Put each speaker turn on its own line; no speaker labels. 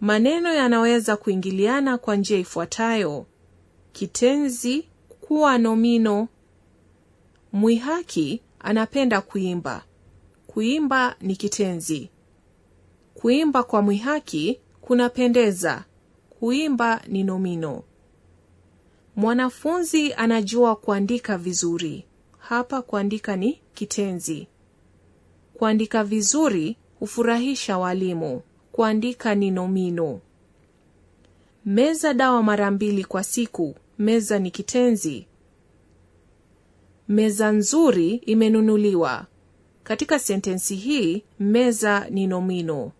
Maneno yanaweza kuingiliana kwa njia ifuatayo: kitenzi kuwa nomino. Mwihaki anapenda kuimba. Kuimba ni kitenzi. Kuimba kwa Mwihaki kunapendeza. Kuimba ni nomino. Mwanafunzi anajua kuandika vizuri. Hapa kuandika ni kitenzi. Kuandika vizuri hufurahisha walimu kuandika ninomino. Meza dawa mara mbili kwa siku. Meza ni kitenzi. Meza nzuri imenunuliwa. Katika sentensi hii meza ni nomino.